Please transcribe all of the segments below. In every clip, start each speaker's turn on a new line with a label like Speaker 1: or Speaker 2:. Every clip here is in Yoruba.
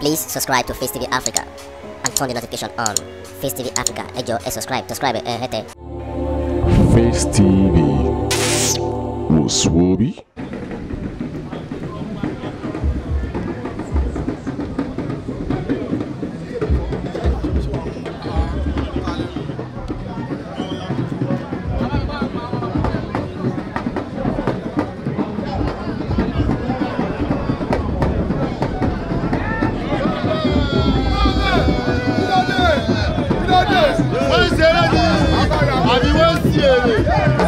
Speaker 1: Please subscribe to Face TV Africa and turn the notification on. Face TV Africa, ẹ jọ̀ọ́ ẹ subscribe, subscribe eh? Face TV, wò Ami wansiere.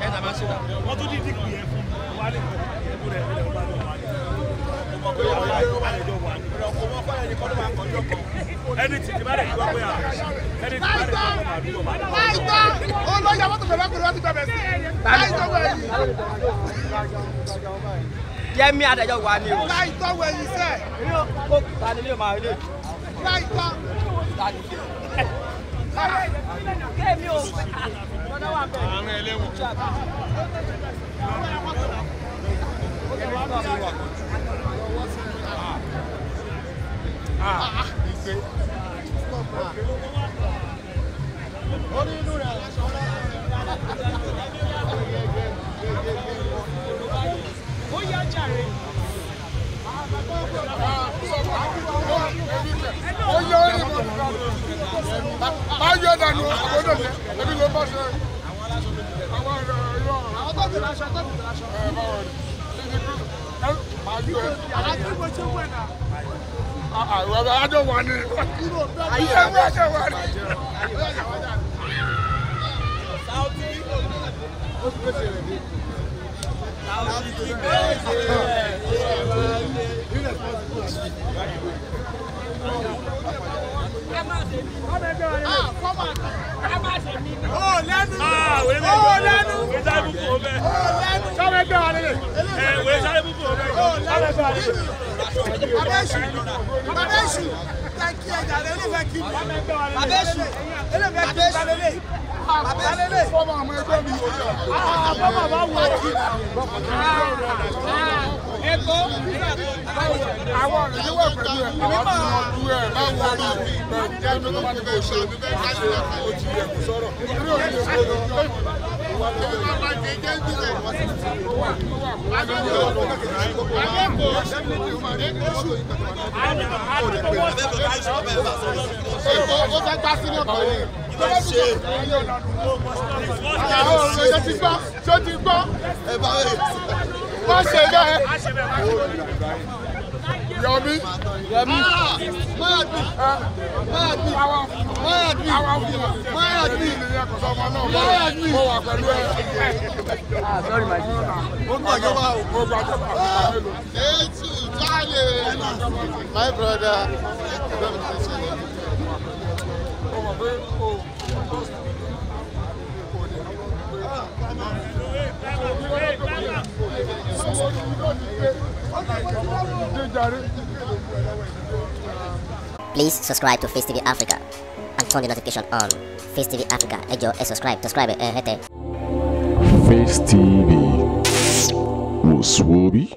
Speaker 1: mẹ́ta wọ́n tún dìdí kù yẹn fún wa lè kọ́ ẹ̀kú rẹ̀ fún bá lọ wà ní. ọmọ pé wà láì wà lè jọ wà ní. ọmọ ọmọ kọ́lẹ̀ ni máa ń kọjú ọkọ̀. ẹni tìtì bá rẹ̀ wá pé à ẹni tìtì bá rẹ̀ wá pé à. olóyè àwọn tó bá kúrò wá bẹ̀rẹ̀ sí. láìtọ́ wẹ̀yìn. yẹ́mí adájọ́ wà ní o. láìtọ́ wẹ̀yìn sẹ́ẹ̀. àárín ẹlẹ́wọ̀n. ìgbé orí inú rẹ̀ aṣọ ó yá jàre. ó yọ ọ́ ní báyọ̀ dànù. Àwọn adó wà ní. Ayé ẹ̀rọ ẹ̀ṣẹ̀ wà ní. Sáwọ́tì. Ó ti pèsè rẹ̀ dé. Sáwọ́tì ti pèsè. abẹ́sù abẹ́sù kí ẹ jàre olùfẹ́ kí abẹ́sù olùfẹ́ kí balẹ̀lẹ̀ abẹ́sù fọmọ ọmọ ẹgbẹ́ mi fọmọ ọmọ wọ kí ẹkọ àwọn ọ̀rẹ́ yìí wà pẹ̀lú ẹ̀ àwọn ọ̀rẹ́ yìí wà pẹ̀lú ẹ̀ báwo rí bẹ̀rù kí ẹjọ́ tó bá ti kò ṣe ṣe o ti yẹ kó sọ̀rọ̀ nínú òní ìṣòro wà lọ́wọ́ èkó ó fẹ́ gbá sínú ọkọ̀ yìí. àwọn ọ̀rọ̀ ṣe ti gbọ́ ṣe ti gbọ́. wọ́n ṣe bẹ́ẹ̀. Yọ̀mí. Yọ̀mí. Mayadmi. Mayadmi. Mayadmi. Mayadmi. Mayadmi. Mo wà pẹ̀lú ẹ. Ah sorry my dear. Ó gbàjọba o. Ó gbàjọba o. Ètù Jálè. My brother. Ó wà pé o. Ó wà pé o. Please subscribe to Face TV Africa and turn the notification on. Face TV Africa, ẹ jọ̀ọ́, subscribe, subscribe, eh, Face TV, Muswobi.